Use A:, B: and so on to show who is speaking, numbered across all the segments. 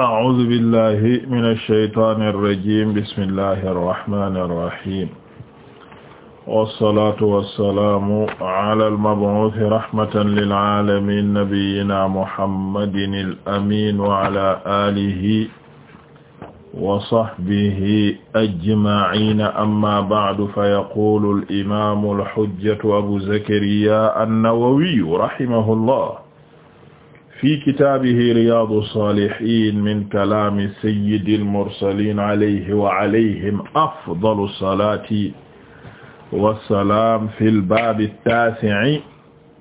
A: a'uuzu billahi mina shaytaani rajiim bismillahi rahmaani rahiim wassalaatu wassalaamu alal mab'uusi rahmatan lil aalamiin nabiyyinaa muhammadinil amiin wa alaa aalihi wa sahbihi ajma'iina amma ba'du fayaquulul imaamul hujjatu abu zakariyaa an-nawawiyyu rahimahullah fi kitaabihi riyaadu saalihiin min kalaami sayyidil mursaliin alayhi wa alayhim afdalu salaati wa salaam fil baabi taasi'i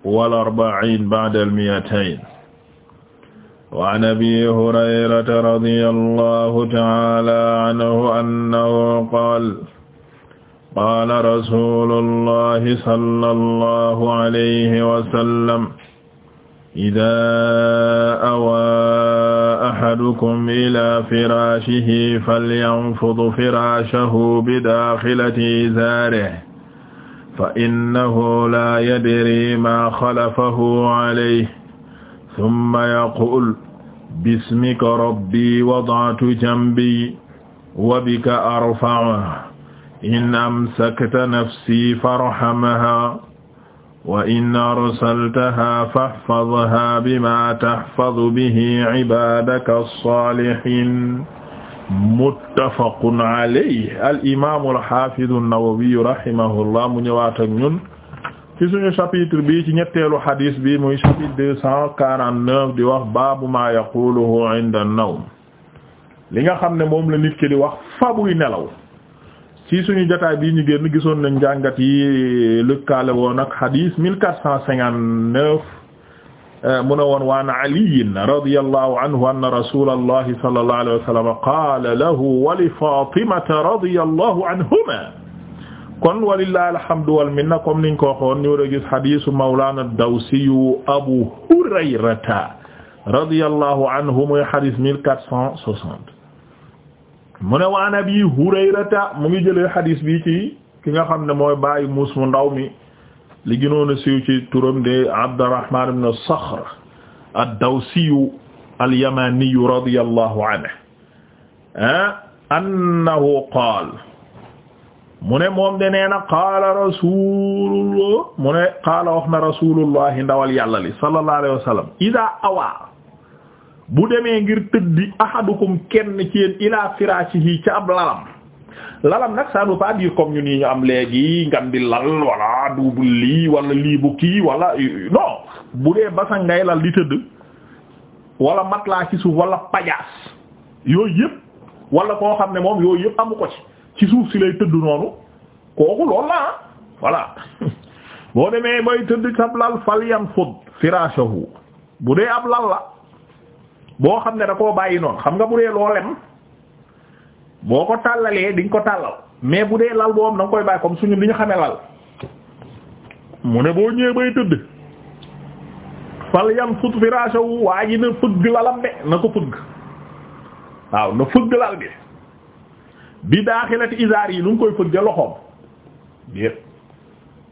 A: wal arba'iin ba'dal mi'atayn. wa an abii hurayrata radiyallaahu ta'aalaa anhu annahu qaala qaala rasuulullaahi sallallaahu alayhi wa sallam. idaa awaa ahadukum ilaa firaashihi falyanfud firaashahu bidaaxilati izaarihi fa innahu laa yadri maa xalafahu alayhi summa yaquul bismika rabbii wada'tu janbii wa bika arfa'u in amsakta nafsii farhamhaa wa in arsaltaha fahfadha bima tahfadu bihi ibadaka as-salihin muttafaqun alayhi al imamu alhafidu an-Nawawi rahimahullah mu ñëwaat ak ñun ci suñu chapitre bi ci ñetteelu hadis bi muy chapitre deux cent quarante-neuf di wax baabu ma yaquluhu inda an-nawm li nga xam ne moom la nit ki di wax fa buy nelaw ci suñu jotaay bii ñu génn gisoon nañ jàngat yi lëkkaale woon ak xadiis mille quatre cent cinquante-neuf euh, mu ne woon waan aliyin radiyallahu anhu anna rasulallahi sallallahu alayhi wa sallam qaala lahu wa li fatimata radiyallahu anhuma kon walillahi alhamdu wal minna comme niñ ko waxoon ñu war a gis xadiisu mawlana dawsiyu abu hurayrata radiyallahu anhu muy xadiis mille quatre cent soixante mu ne waan abi hurayrata mu ngi jëlee xadiis bi ci ki nga xam ne mooy bàyyi muus mu ndaw mi li gënoon a siiw ci turam de abdurrahman ibn sakhr ad-dawsiyu al-yamaniyu radiyallahu anhu ah, annahu qaal mu ne moom de nee na qaala rasulullah mu ne qaala wax na rasulullah ndawal yàlla li sallallahu alayhi wa sallam ida awaa bu demee ngir tëdd ahadukum kenn ci yéen ilaa firashihi ca ab lalam lalam nag ça veut pas dire comme ñu nii ñu am léegi ngam di lal wala duubul lii wala lii bu kii wala non bu dee basa lal di tëdd wala mat laa ci suuf wala pajaas yooyu yëpp wala koo xam ne moom yooyu yépp amu ko ci ci suuf si lay tëdd noonu kooku loolu la ah boo demee bay tëdd ab lal fal yan fud firashahu bu dee ab lal la boo xam ne da koo bàyyi noonu xam nga bu dee loolem boo ko tàllalee di ko tàllal mais bu dee lal boobu da nga koy bàyyi comme suñu li ñu lal mu ne boo ñëwee bay tëdd fal yan fut firaasaw waa ji na fëgg lalam de na ko fëgg waaw na fëgg lal bi bi daaxilati isaar yi lu ngi koy fëgg loxoom biir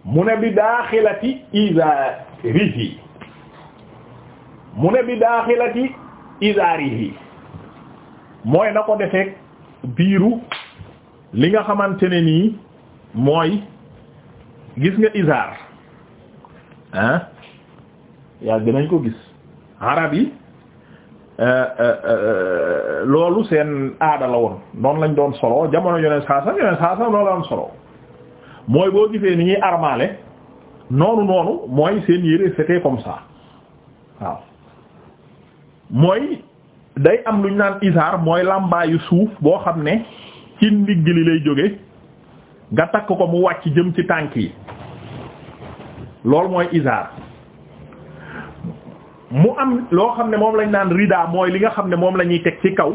A: mu ne bi daaxilati isaar yi mu ne bi daaxilati izaarihi mooy na ko defee biiru li nga xamante ne nii mooy gis nga izaar ah yaa dinañ ko gis arab yi euh, euh, euh, loolu seen aada la woon noonu lañ doon solo jamono yoneen saasam yoneen saasam loolu la doon solo mooy boo gisee ni ñuy armaale noonu noonu mooy seen yére c'était comme ça waaw mooy day am lu ñu naan isaar mooy làmbaayu suuf boo xam ne ci ndigg li lay jóge nga takk ko mu wàcc jëm ci tànk yi loolu mooy isaar mu am loo xam ne moom lañ naan rida mooy li nga xam ne moom la ñuy teg ci kaw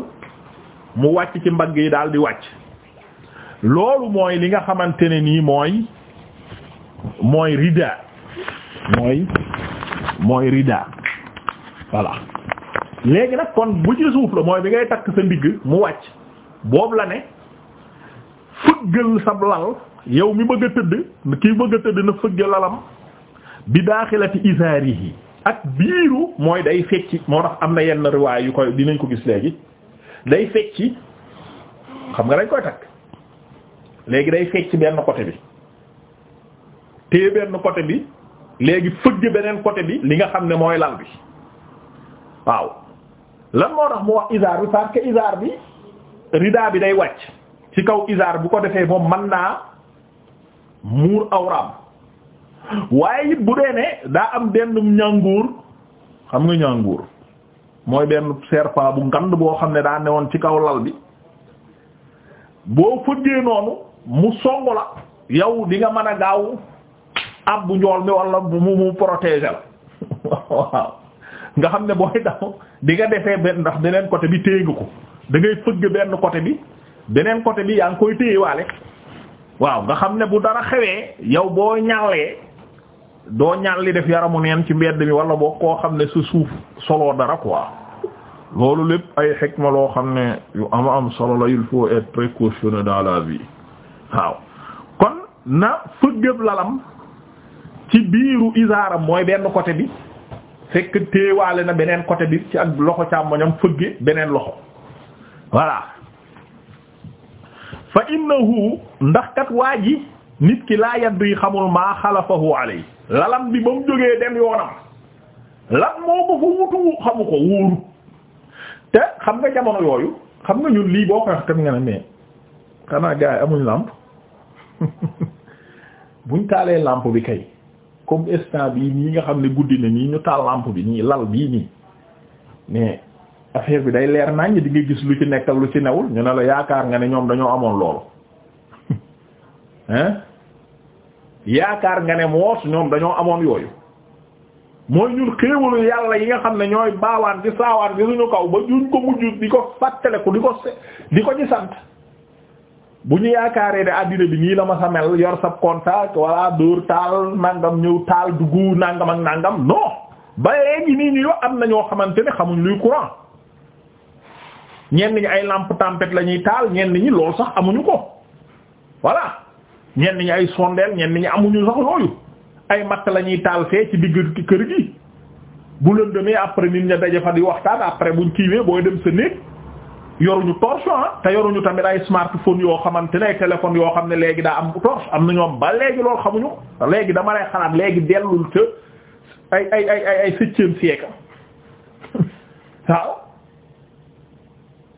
A: mu wàcc ci mbagg yi daal di wàcc loolu mooy li nga xamante ne nii mooy mooy rida mooy mooy rida voilà léegi nag kon bu ci suuf la mooy bi ngay takk sa ndigg mu wàcc boobu la ne fëggal sab lal yow mi bëgg a tëdd kii bëgg a tëdd na fëgg lalam bi daaxilati yi ak biiru mooy day fecci moo tax am na yenn riwaay yu koy dinañ ko gis léegi day fecci xam nga dañ koy takk léegi day fecci benn côté bi téye benn côté bi léegi fëgg beneen côté bi li nga xam ne mooy lal bi waaw lan moo tax mu wax isaar bi parce que isaar bi ridaa bi day wàcc ci kaw isaar bu ko defee moom man naa muur awraam waaye it bu dee ne daa am benn ñànguur xam nga ñànguur mooy benn serpent bu ngand boo xam ne daa newoon ci kaw lal bi boo fëggee noonu mu songu la yow di nga mën a gaaw ab bu njool mi wala mu mu protéger waaw nga xam ne booy daw di nga defee benn ndax beneen côté bi téye nga ko da ngay fëgg benn côté bi beneen côté bi yaa ngi koy téyewaale waaw nga xam ne bu dara xewee yow boo ñàllee doo ñàl li def yaramu neen ci mbedd mi wala boo koo xam ne su suuf solo dara quoi loolu lépp ay xikma loo xam ne yu ama am solo la il faut être précautionneux dans la vie waaw kon na fëggëb lalam ci biiru isaaram mooy benn côté bi fekk téewaale na beneen côté bi ci ak loxo càmmoñam fëgge beneen loxo voilà fa innahu ndax kat waa ji nit ki laa yadri xamul maa xalafahu yi lalam bi ba mu jógee dem yoonam lan moo ko fa wutu xamu ko wóoru te xam nga jamono yooyu xam nga ñun lii boo koy wax tam nga ne mais xanaa gars yi amuñ làmp buñ taalee làmp bi kay comme instant bii nii nga xam ne guddi na nii ñu taal lampe bi nii lal bii nii mais affaire bi day leer naññ di nga gis lu ci nekk lu ci newul ñu ne la yaakaar nga ne ñoom dañoo amoon loolu hein yaakaar nga ne moos ñoom dañoo amoon yooyu mooy ñun xéewalu yàlla yi nga xam ne ñooy baawaan di saawaan di suñu kaw ba juñ ko mujj di ko fàttale ko di ko di ko ci sant bu ñu yaakaaree ne addina bi nii la ma sa mel yor sab contact walla dóor taal nangam ñëw taal duggu nàngam ak nangam non ba léegi nii ñu am na ñoo xamante ne xamuñ luy courant ñenn ñi ay lampe tempête la ñuy taal ñenn ñi lool sax amuñu ko voilà ñenn ñi ay sondeel ñenn ñi amuñu sax yooyu ay matt lañuy ñuy taal fee ci digg kër gi bu lëndëmee après nit ña daje fa di waxtaan après buñ kiiwee booy dem sa néeg yoruñu torche ah te yoruñu tamit ay smartphone yoo xamante ne ay téléphone yoo xam ne léegi daa am torche am na ñoom ba léegi loolu xamuñu léegi dama lay xalaat léegi dellul ca ay ay ay ay ay septième siècle waaw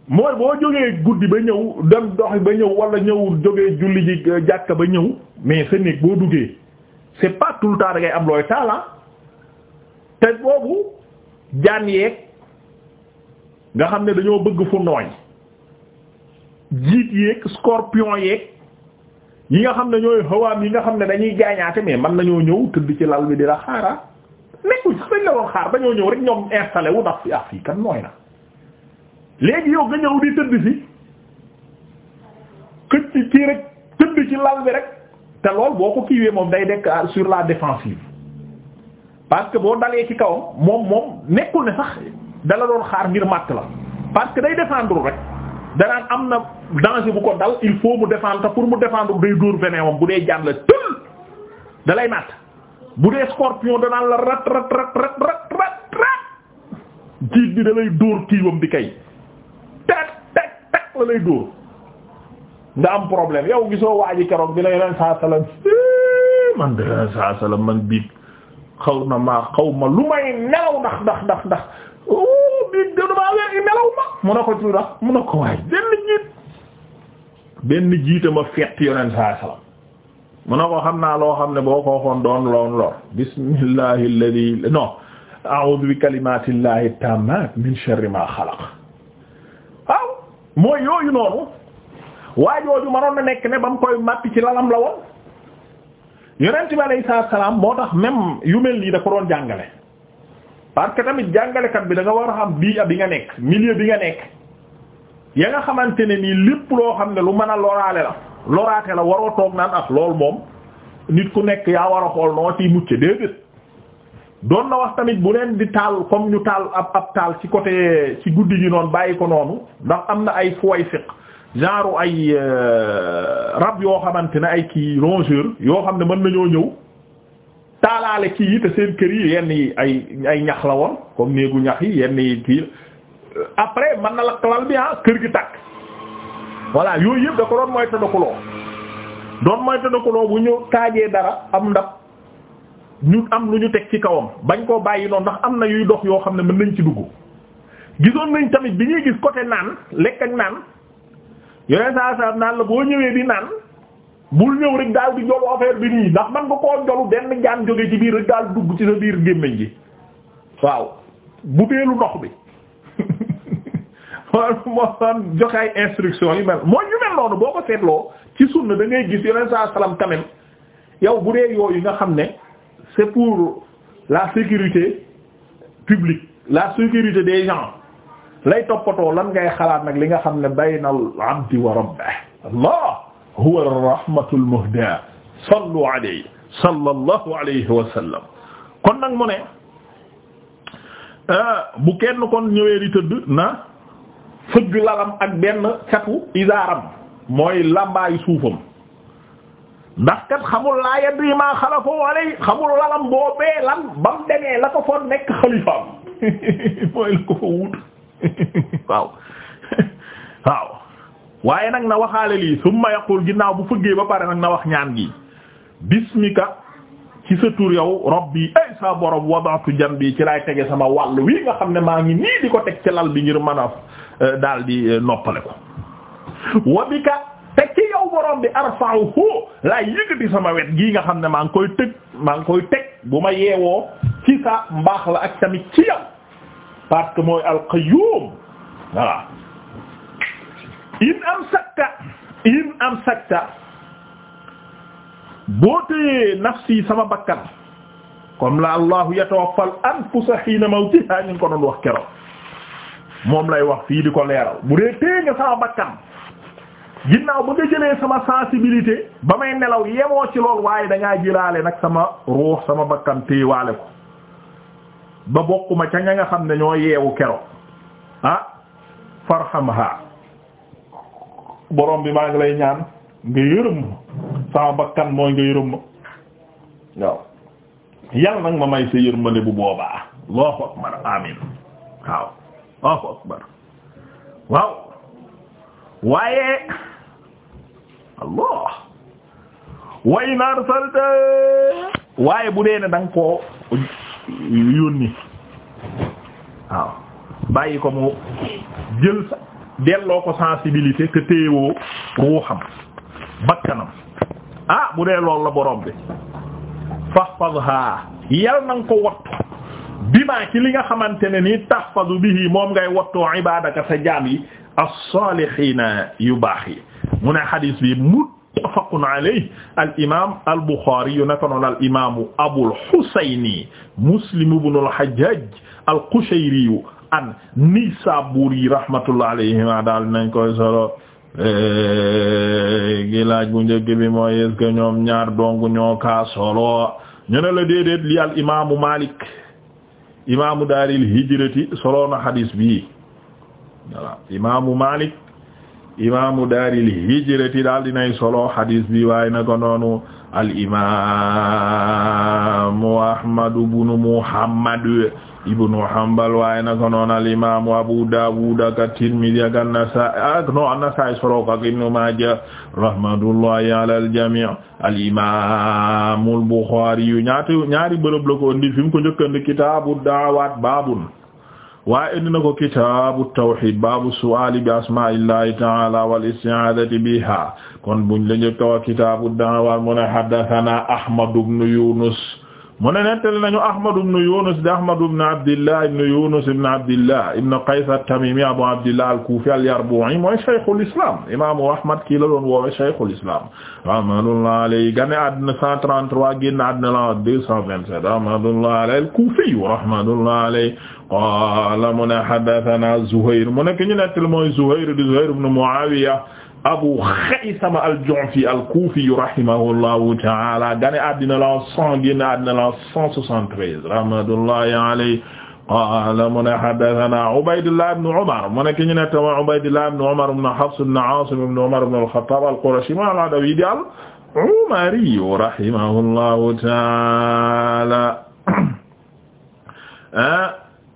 A: mooy boo jógee guddi ba ñëw dem doxi ba ñëw wala ñëwul jógee julli ji euh, jàkka ba ñëw mais sa néeg boo duggee c'est pas tout le temps da ngay am looy taala ah. te boobu jànn yeeg nga xam ne dañoo bëgg fu nooy jiit yeeg scorpion yeeg yi nga xam ne ñooy hawaam yi nga xam ne dañuy gaañaate mais man nañoo ñëw tëdd ci lal bi di la xaaraa nekkul sax dañ la woon xaar dañoo ñëw rek ñoom installé wu ndax fi ah fii kan nooy na léegi yow nga ñëw di tëdd si këcc kii rek tëdd ci lal bi rek te lool boo ko kiiwee moom day dekk ah, sur la défensive parce que boo dalee ci kaw moom moom nekkul ne sax dala doon xaar ngir màtt la parce que day défendre rek danaan am na danger bu ko dal il faut mu défendre pour mu défendre day dóor venewam bu dee jaan la tël dalay màtt bu dee scorpion danaan la rat rat rat rat rat rat rat jiit bi dalay dóor kiiwam di kay tak tak tak la dóor nga am problème yow gisoo waa ji keroog bi la yeneen saa salaam man de saa man biig xaw na maa xaw ma lu may nelaw ndax ndax ndax ndax oh biig mun a ko ci rax mun a ko waaye benn jiit benn jiita ma fett yonent saa salaam mun a ko xam naa loo xam ne boo ko waxoon doon loon lor bismillahi alladi non a'udhu bi kalimatillahi mooy yooyu noonu waajooju manoon na nekk ne ba mu koy màtt ci lalam la woon yonent bi alayhi salaam moo tax même yu mel nii da ko doon jàngale parce que tamit jàngalekat bi da nga war a xam bii bi nga nekk milieu bi nga nekk ya nga xamante ne nii lépp loo xam ne lu mën a loraale la loraate la waroo toog naan ak ah, loolu moom nit ku nekk yaa war a xool noo ciy mucc déedéet doon na wax tamit bu leen di taal comme ñu taal ab ab taal ci côté ci guddi gi noonu bàyyi ko noonu ndax am na ay fooy fiq genre ay euh, rab yoo xamante ne ay kii rongeur yoo xam ne mën nañoo ñëw taalaale kii yi te seen kër yi yenn yi ay ay ñax la woon comme néegu ñax yi yenn yi kii après mën na la kalal bi ah kër gi takk voilà yooyu yëpp da ko doon mooy tëddakuloo doon mooy tëddakuloo bu ñu taajee dara am ndax ñu am lu ñu teg ci kawam bañ koo bàyyi noonu ndax am na yuy dox yoo xam ne mën nañ ci dugg gisoon nañ tamit bi ñuy gis côté naan lekk ak naan yooyu saa saa naan la boo ñëwee di naan bul ñëw rek daal di jolu affaire bi nii ndax man nga koo jolu benn jaan jóge ci biir rek daal dugg ci sa biir gémmiñ gi waaw bu teelu ndox bi moo doon ay instruction yu mel mooy ñu mel noonu boo ko seetloo ci sunna da ngay gis yeneen saa salaam quand yow bu dee yooyu nga xam ne c'est pour la sécurité publique la sécurité des gens lay toppatoo lan ngay xalaat nag li nga xam ne baynal abdi wa rabbih Allah huwa rahmatul muhda sallu alayhi sallallahu alayhi wa sallam kon nag mu ne ah, bu kenn kon ñëwee di tëdd na fëgg lalam ak benn catu isaaram mooy làmbaayu suufam ndax kat xamul laa yadri maa xalafa alay xamul lalam boobee lan bam demee la ko fa nekk xalifaam mooy la ko fa wut waaw waaw waaye nag na waxaale lii summa yaqul ginnaaw bu fëggee ba pare nag na wax ñaan gi bismika ci sa tur yow rabbi ay sa borom wadatu jan bi ci laay tege sama wàll wi nga xam ne maa ngi nii di ko teg ci lal bi ngir mana eh, dal di eh, noppale ko wabika teg ci yow borom bi arfa'uhu laay yëkkati sama wet gii nga xam ne maa ngi koy tëg maa ngi koy teg bu ma yeewoo ci sa mbaax la ak tamit ci yow parce que mooy al qayyum voilà in am sakta in am sakta boo téyee nafsi sama bakkan kon la allahu yatawaffal anfusa hiina mawtiha ñu ngi ko doon wax keroog moom lay wax fii di ko leeral bu dee téye nga sama bakkan ginnaaw ba nga jëlee sama sensibilité ba may nelaw yemoo ci lool waaye dangaa jëlaale nag sama ruux sama bakkan téyewaale ko ba bokkuma ca ña nga xam ne ñoo yeewu keroog ah, farhamha borom bi maa ngi lay ñaan nga yërëm ma bakkan mooy nga yërëm ma waaw yàlla nag ma may sa yërmande bu boobaa allahu akbar amin waaw allahu akbar waaw waaye allah way naar salte waaye bu dee ne danga koo yónni waaw bàyyi ko mu jël delloo ko sensibilité te téewoo ruuxam bakkanam ah bu dee loolu la borom bi fahfazha yal na nga ko wattu bimaa ci li nga xamante ne nii tahfazu bihi moom ngay wattoo ibadaka sa jaam yi as-salihina yu baax yi mu ne xadis bi muttafaqun alayhi al imam al Bukhari yu naka noonu al imamu Abul Husayni Muslim ibn al Hajjaj al Qushayri an-Nisaburi rahmatullah alayhima daal nañ koy solo gi laaj bu njëkk bi mooy est-ce que ñoom ñaar dong ñoo solo ñu ne la li al imaamu Malik imaamu daaril hijrati solo na hadis bi voilà Malik imaamu daaril hijrati daal dinay solo hadis bi waaye na ko noonu al imaamu Ahmad ibn Muhammad ibnu Hanbal waaye naka noon al imam Abu Dawud ak at-Tirmidhi ak an-Nasa'i ak no an-Nasa'i solo ak ibnu Maaja rahmatullahi ala al-jami' al imam al-Bukhari yu ñaati ñaari bërëb la ko indi fi mu ko njëkkandi kitaabu da'awaat baabun waaye indi na ko kitaabu tawhid baabu su'aali bi asma'illahi ta'ala wal isti'aadati biha kon buñ la njëkk wa kitaabu da'awaat mu ne haddathana Ahmad ibn Yunus mu ne nettali nañu Ahmad ibn Yunus di Ahmad ibn Abdillah ibn Yunus ibn Abdillah ibn Qays at-Tamimi Abu Abdillah al-Kufi al-Yarbu'i mooy Shaykhul Islam imaamu Ahmad kii la doon woowe Shaykhul Islam rahmatullahi alayhi gane àddina 133 génn àddina la 227 rahmatullahi alayhi al-Kufi rahmatullahi alayhi qaala mu ne haddathana Zuhayr mu nekk ñu nettali mooy Zuhayr di Zuhayr ibn Muawiya Abu Xaysama al-Ju'fi al-Kufi rahimahullahu ta'ala gane addina la cent génn addina la cent soixante-treize rahmatullahi alayhi qaala mu ne haddathana Ubaydullah ibn Umar mu ne ki ñu ne tama Ubaydullah ibn Umar ibn Hafs ibn Asim ibn Umar ibn al-Khattab al-Qurashi al-Adawi al-Umari rahimahullahu ta'ala ah,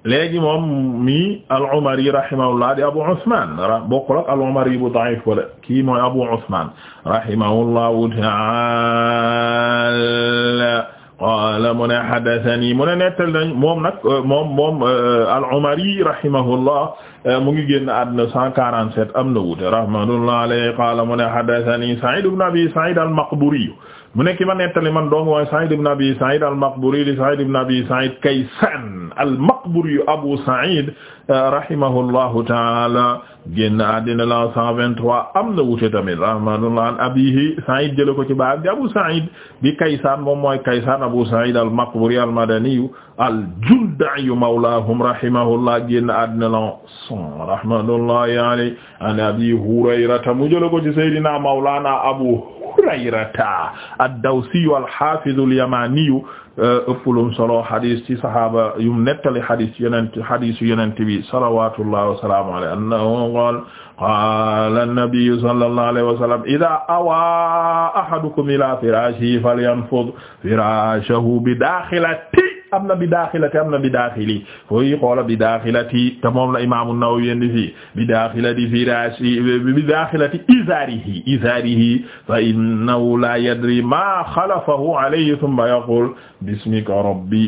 A: léegi moom mi al-Umari rahimahullah di Abu Usman bokkul ak al-Umari bu da'if wala kii mooy Abu Usman rahimahullahu ta'ala qaala mu ne haddathani mu ne nettal nañ moom nag moom moom euh, al-Umari rahimahullah euh, mu ngi génn àdduna 147 am na wuute rahmatullahi alayhi qaala mu ne haddathani Sa'id ibn Abi Sa'id al-Maqburi mu nekk ma nettali man dong mooy Sa'id ibn Abi Sa'id al-Maqburi li Sa'id ibn Abi Sa'id Kaysan al-Maqburi Abu Sa'id euh, rahimahullahu ta'ala génn àddina la 123 am na wuute tamit rahmatullah an abihi Sa'id jële ko ci baab bi Abu Sa'id bi Kaysan moom mooy Kaysan Abu Sa'id al-Maqburi al-Madani al-Jundai mawlahum rahimahullah génn àddina la 100 rahmatullahi alayhi an Abi Hurayrata mu jële ko ci Seydina Mawlana Abu hurayrata ad-dawsiyu al-hafizu al-yamaniyu euh, ëppalum solo hadis ci sahaaba yum nettali hadis yonent hadisu yonent bi salawatullahi wasalaamu alayhi annahu qaala qaala an-nabiyyu sallallahu alayhi wa sallam idha awaa ahadukum ila firashihi falyanfud firashahu bi dakhilati am na bi daaxilati am na bi daaxili oy xoola bi daaxilati te moom la imaamu Nawawi yendi fii bi daaxilati firaashi bi daaxilati izaarihi izaarihi fa innahu la yadri ma xalafahu alayhi thumma yaqul bismika rabbi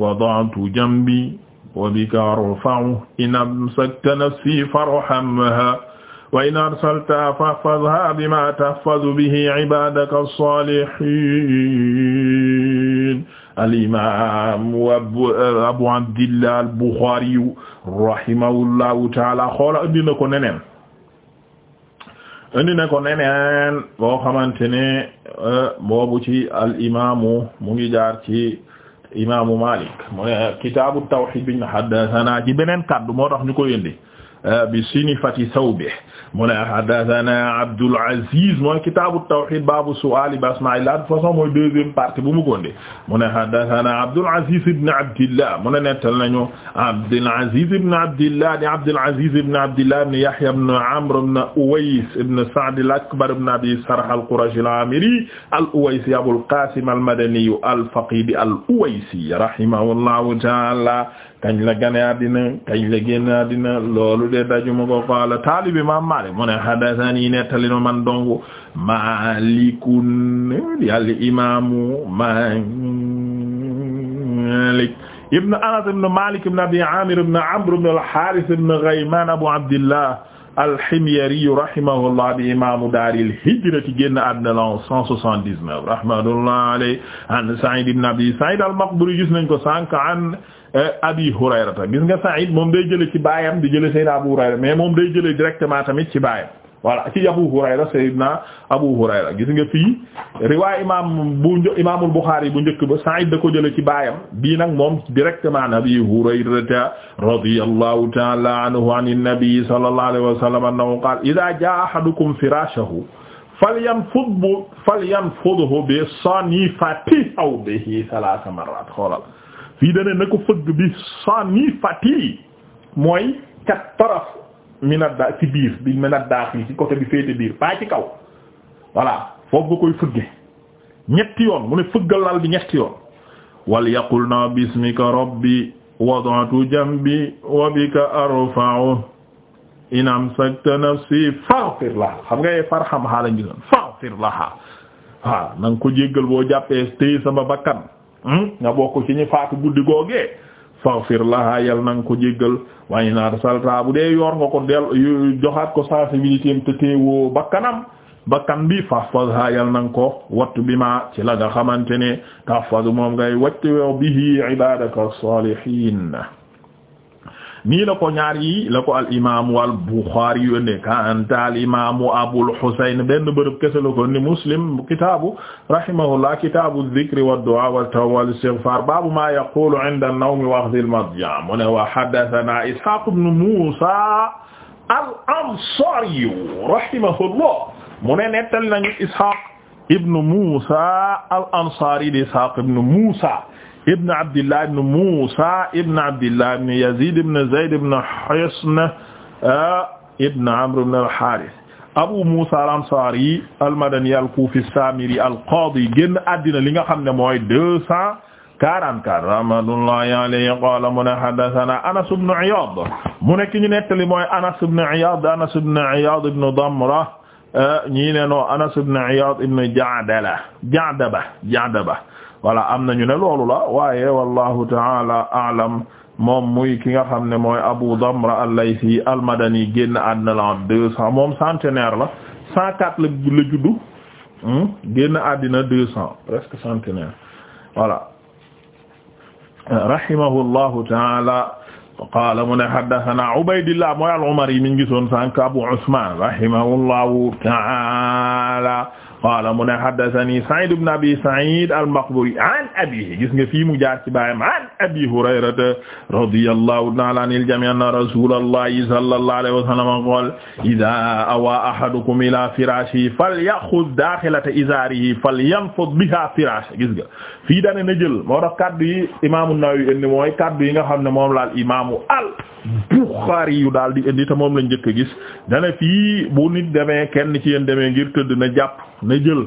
A: wada'tu jambi wa bika arfa'u in amsakta nafsi farhamha wa in arsalta fahfazha bima tahfazu bihi ibadaka as-salihin al-imaam Abu Abdillah al-Bukhari rahimahullahu taala xoola indi na ko neneen indi na ko neneen boo xamante ne eh, boobu ci al-imaamu mu ngi jaar ci imaamu Maalik mu ne kitaabu tawhiid bi ñu haddasanaa ci beneen kaddu moo tax ñu koy indi Euh, bi sinifati thawbihi mu ne haddathana Abdul Aziz mooy kitaabu tawhid baabu su'aali bi asmaa'illah de façon mooy deuxième partie bu mu gonde mu ne haddathana Abdul Aziz ibn Abdillah mu ne nettal nañu Abdul Aziz ibn Abdillah di Abdul Aziz ibn Abdillah ibn Yahya ibn Amr ibn Uways ibn Sa'd al-Akbar ibn Abi Sarh al-Qurashi al-Amiri al-Uwaysi Abul Qasim al-Madani al-Faqidi al-Uwaysi rahimahullahu ta'ala kañ la gane àddina kañ la génn àddina loolu de dajuma ko qaala taalibi imaam Maalik mu ne haddathanii nettali no man dong Maalikun yàlla imaamu Maalik ibn Anas ibn Maalik ibn Abi Aamir ibn Amr ibn al-Haaris ibn Ghaymaan Abu Abdillah al-Himyari rahimahullah bi imaamu daaril hijra ci génn àddina lan 179 rahmatullahi alayhi an Sa'iid ibn Abi Sa'iid al-Maqburi gis nañ ko sànq an Euh, abi hurayrata gis nga Sa'id moom day jële ci baayam di jële sayyidina abu hurayra mais moom day jële directement tamit ci baayam voilà ci abu hurayra sayyidina abu hurayra gis nga fii riwaay imam bu imaamul buxaari bu njëkk ba Sa'id da ko jële ci baayam bii nag moom directement abi hurayrata radiyallahu ta'ala anhu an nabi sallallahu alayhi wa sallam annahu qaala idha jaa ahadukum firashahu falyanfudhu falyanfudhu bi sanifati aw bihi thalath marrat xoolal fii dana na fëgg bi sani fati mooy kat taraf minat da ci biir bi minat daax yi ci côté bi féete biir pas ci kaw voilà foog nga koy fëgge ñetti yoon mu ne fëggal lal bi ñetti yoon wal yaqul na bismika rabbi wad'atu jambi wa bika arfa'u in amsakta nafsi faghfir laha xam nga farham xaala ngi soon faghfir laha waaw na nga ko jéggal boo jàppee téye sama bakkan Hmm? nga bokk ci ñi faatu guddi googee faghfir laha yal na nga ko jéggal waaye naata salta bu dee yor nga ko del joxaat ko sensibilité te teewoo bakkanam bakkan bi fahfazha yal na ko wattu bi ma ci la nga xamante ne tahfaz moom ngay wattu bihi ibadaka salihin nii la ko ñaar yi la ko al imaamu al Buxaari yu ënde kanta al imaamu Abul Husayn benn bërëb kese la ko ni Muslim kitaabu rahimahullah kitaabu dhikri wa du'a wa tawba wal istighfar baabu ma yaqulu 'inda an-nawmi wa akhdhi al-madja mu ne wa haddathana Ishaq ibn Musa al-Ansari rahimahullah mu ne nettali nañu Ishaq ibn Musa al-Ansari di Ishaq ibn Musa ibn abdillah ibn Musa ibn abdillah ibn Yazid ibn Zayd ibn Hisn ah, ibn Amr ibn al-Harith Abu Musa al-Ansari al-Madani al-Kufi as-Samiri al-Qadi génn àddina li nga xam ne mooy deux cent quarante-quatre rahmatullahi alayhi qala mu ne haddathana Anas ibn Iyad mu nekk ñu nettali mooy Anas ibn Iyad Anas ibn Iyad ibn Damra ah, ñii ne noo Anas ibn Iyad ibn Ja'dala Ja'daba Ja'daba voilà am nañu ne loolu la waaye wallahu taala aalam moom muy ki nga xam ne mooy Abu Damra al-Laythi al-Madani génn àddina la deux cent moom centenaire la cent quatre la la juddu hmm, génn àddina deux cent presque centenaire voilà rahimahullahu taala qaala mu ne haddathana Ubaydillah mooy al-Umari mi ngi gisoon sànq Abu Usman rahimahullahu taala qaala mu ne haddathani Sa'id ibn Abi Sa'id al-Maqburi an abiihi gis nga fii mu jaar ci baayam an Abi Hurayrata radiyallahu ta'ala anil jamii' anna rasulallahi sallallahu alayhi wa sallam qaala idhaa awaa ahadukum ilaa firaashihi falya'khudh daakhilata izaarihi falyanfudh bihaa firaashahu gis nga fii daan na jël moo tax kaddu yi imaamu Nawawi indi mooy kaddu yi nga xam ne moom laal imaamu al-Bukhari yu daal di indi te moom lañ njëkk a gis dana fii bu nit demee kenn ci yéen demee ngir tëdd na jàpp na jël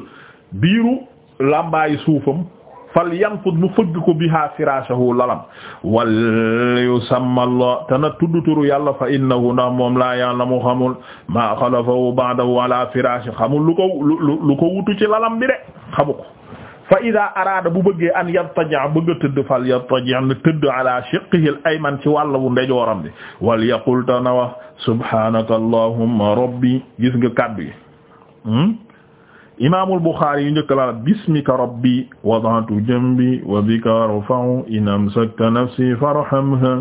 A: biiru làmbaayu suufam fal yanfud mu fëgg ko biha firashahu lalam wal yusamma allah te na tudd turu yàlla fa innahu ndax moom laa ya'lamu xamul maa xalafahu ba'dahu ala firashi xamul lu ko lu ko wutu ci lalam bi de xamu ko fa ida araada bu bëggee an yattaja bëgg a tëdd fal yattaja na tëdd ala shiqqihi al ayman ci wàlla bu ndejooram bi wal yaqul ta na wax subhanaka allahumma rabbi gis nga kaddu yi hmm? imaamul Buxaari yu njëkk la bismika rabbi wada'tu jambi wa bika arfa'u in amsakta nafsi farhamha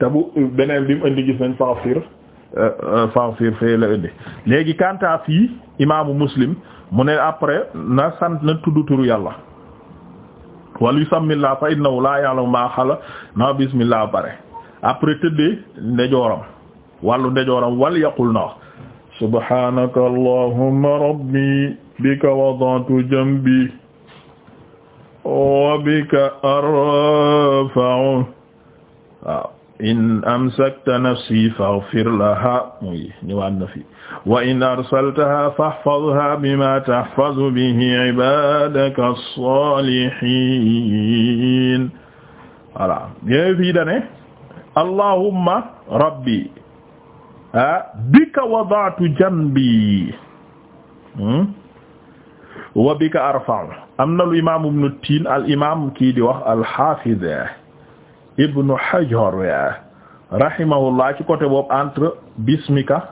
A: te bu beneen bi mu indi gis nañ euh, la indi léegi kanta fii imaamu Muslim mu ne après na sant na tudd turu yàlla wal yusammillah fa innahu la ya'lamu yaqul na subhanaka allahumma rabbi bika wadantu jambi wa bika arfa'u waaw in amsakta nafsi faghfir laha muy ñëwaan na fi wa in arsaltaha fahfazha bima tahfazu bihi ibadaka as-salihin voilà ñëwe fii dane allahumma rabbi a ah, bika wada'tu janbi hmm? wa arfa'u am na lu imaam ibnu tiin al imaam kii di wax al-Hafiz ibnu Hajar rahimahullah ci côté boobu entre bismika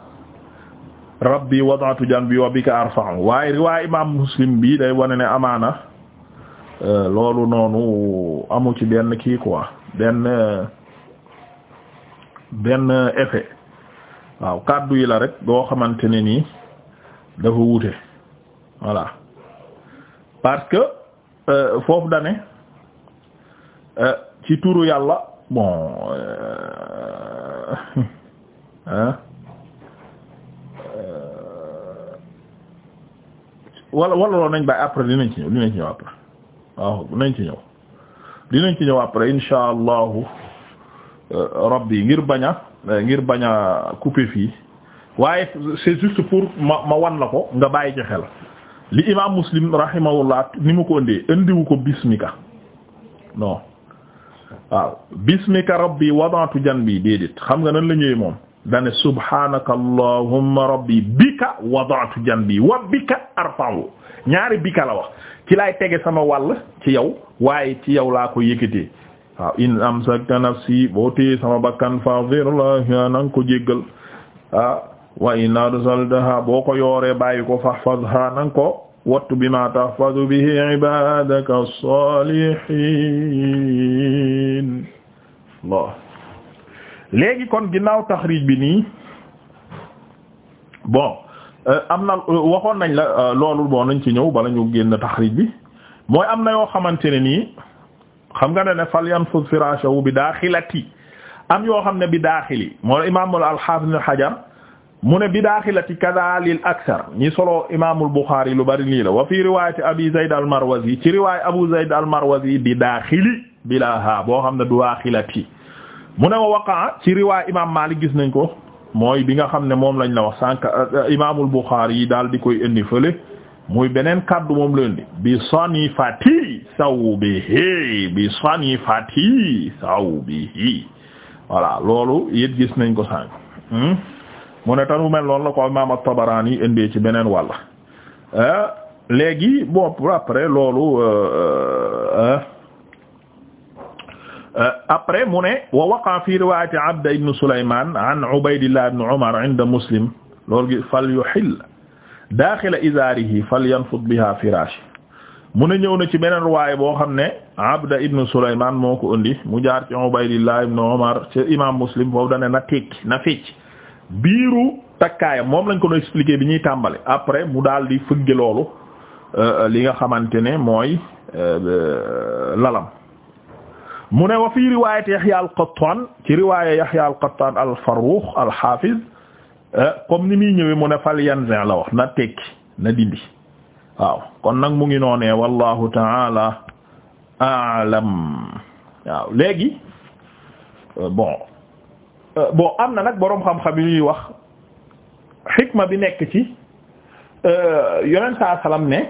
A: rabbi wad'atu janbi wa bika arfa'u waaye riwaay imaam Muslim bi day wane ne amaana loolu noonu amu ci benn kii quoi benn benn waaw kàddu yi la rek boo xamante ne nii dafa wute voilà parce que euh, foofu dane euh, ci turu yàlla bon euh, wala wala loolu nañ bàyyi après dinañ ci ñëw dinañ ci ñëw après waaw dinañ ci ñëw dinañ ci ñëw après insha rabbi ngir baña ngir baña couper fii waaye c'est juste pour ma ma wan la ko nga bàyyi ci xel li imaam muslim rahimahullah ni mu ko ëndee ëndiwu ko bismika non waaw bismika rabbi wada'tu janbi déedéet xam nga nan la moom dane subhanaka allahumma rabbi bika wada'tu janbi wa bika arfa'u ñaari bika la wax ci tege sama wàll ci yow waaye ci yow laa ko yëkkatee waaw in amsakta nafsi boo sama bakkan faghfir laha nanga ko jéggal wa in arsaltaha boo ko yooree bàyyi ko fahfadha nang ko wattu bi tahfadu bihi bi as-salihin Allah léegi kon ginnaaw taxrij bi nii bon eh, am na eh, waxoon nañ la eh, loolu bon nañ ci ñëw bala ñu génn taxrij bi mooy am na yoo xamante ne nii xam nga ne ne fal yanfuz bi daaxilati am yoo xam ne bi daaxili moo imaamul al-hafiz ibn mune ne bi daaxilati kada lil aksar ñi solo imaamul Buxaari lu bari lii la wa fi riwaayati abi zayd al marwazi ci riwaaya abu zayd al marwazi bi daaxili bila ha boo xam ne du waaxilati mu ne wa waqaa ci riwaaya imaam Maalik gis nañ ko mooy bi nga xam ne moom lañ la wax sànq euh, imaamul Buxaari yi daal di koy indi fële muy beneen kàddu moom la indi bi sanifati sawbihi bi sanifati sawbihi voilà loolu yit gis nañ ko sànq hmm? mu ne tanu mel noonu la ko imaam at-Tabarani indee ci beneen wàlla eh, léegi bon pour après loolu euh, euh, euh, après mu ne wa waqa fi riwayati Abda ibn Sulayman an Ubaydillah ibn Umar inda Muslim loolu gi fal yuhill daaxila izaarihi fal yanfud biha firaashi mu ne ñëw na ci beneen riwaaya boo xam ne Abda ibn Sulayman moo ko indi mu jaar ci Ubaydillah ibn Umar ci imam Muslim foofu na tekki na fecc biiru takkaayam moom lañ ko doon expliquer bi ñuy tàmbali après mu daal di fëgge loolu euh, li nga xamante ne mooy euh, lalam mu ne wa fi riwaayati Yahya al-Qattan ci riwaaya Yahya al-Qattan al-Farrukh al-Hafiz euh, comme ni muy ñëwee mu ne fal yanzin la wax na tekki na dindi waaw kon nag mu ngi noonee wallahu ta'ala a'lam waaw léegi bon Euh, bon am na nag boroom xam-xam yu ñuy wax xikma bi nekk ci euh, yonent saa ne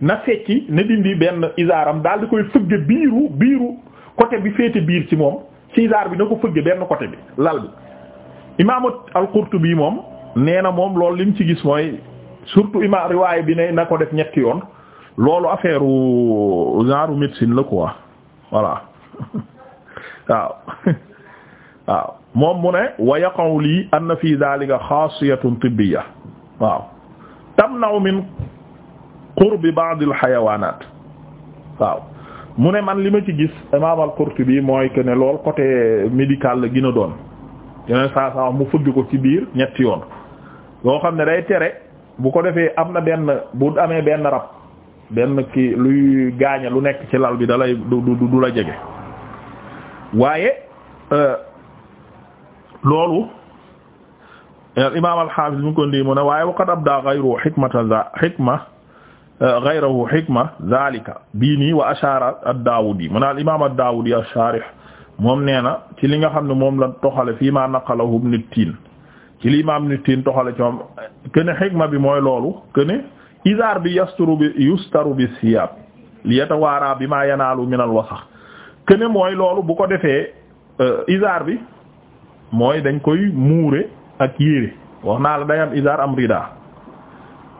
A: na fecci na dindi benn isaaram daal di koy fëgge biiru biiru côté bi féete biir ci moom ci isaar bi na ko fëgge benn côté bi lal bi imaamu al-Qurtubi moom nee na moom loolu lim ci gis mooy surtout imaam riwaay bi ne na ko def ñetti yoon loolu affaire genre médecine la quoi voilà waaw moom mu ne wa lii anna fi dhalika xaasiyatun tibbiyya waaw tamna'u min qurbi ba'd al-hayawaanaat waaw mu ne man li ma ci gis imaam al-Qurtubi mooy que ne lool côté médical la gën a doon yeneen saa saa mu fëgg ko ci biir ñetti yoon yoo xam ne day tere bu ko defee am na benn bu amee benn rab benn ki luy gaaña lu nekk ci lal bi dalay du du du la jege waaye euh, loolu imaam al-Hafiz mu ngi ko ndi mu ne waaye waqad hikma eh, ghayruhu hikma zalika bii nii wa ashara ad-Dawudi mu ne al moom nee ci li nga xam ne moom la toxale fii ma naqalahu Ibn ci li imaam Ibn toxale ci kene hikma bi mooy loolu kene izaar bi yasturu bi yustaru bi siyab li yatawaara min al kene mooy loolu bu defee eh, izaar bi mooy dañ koy muure ak yére wax naa la day am izar am rida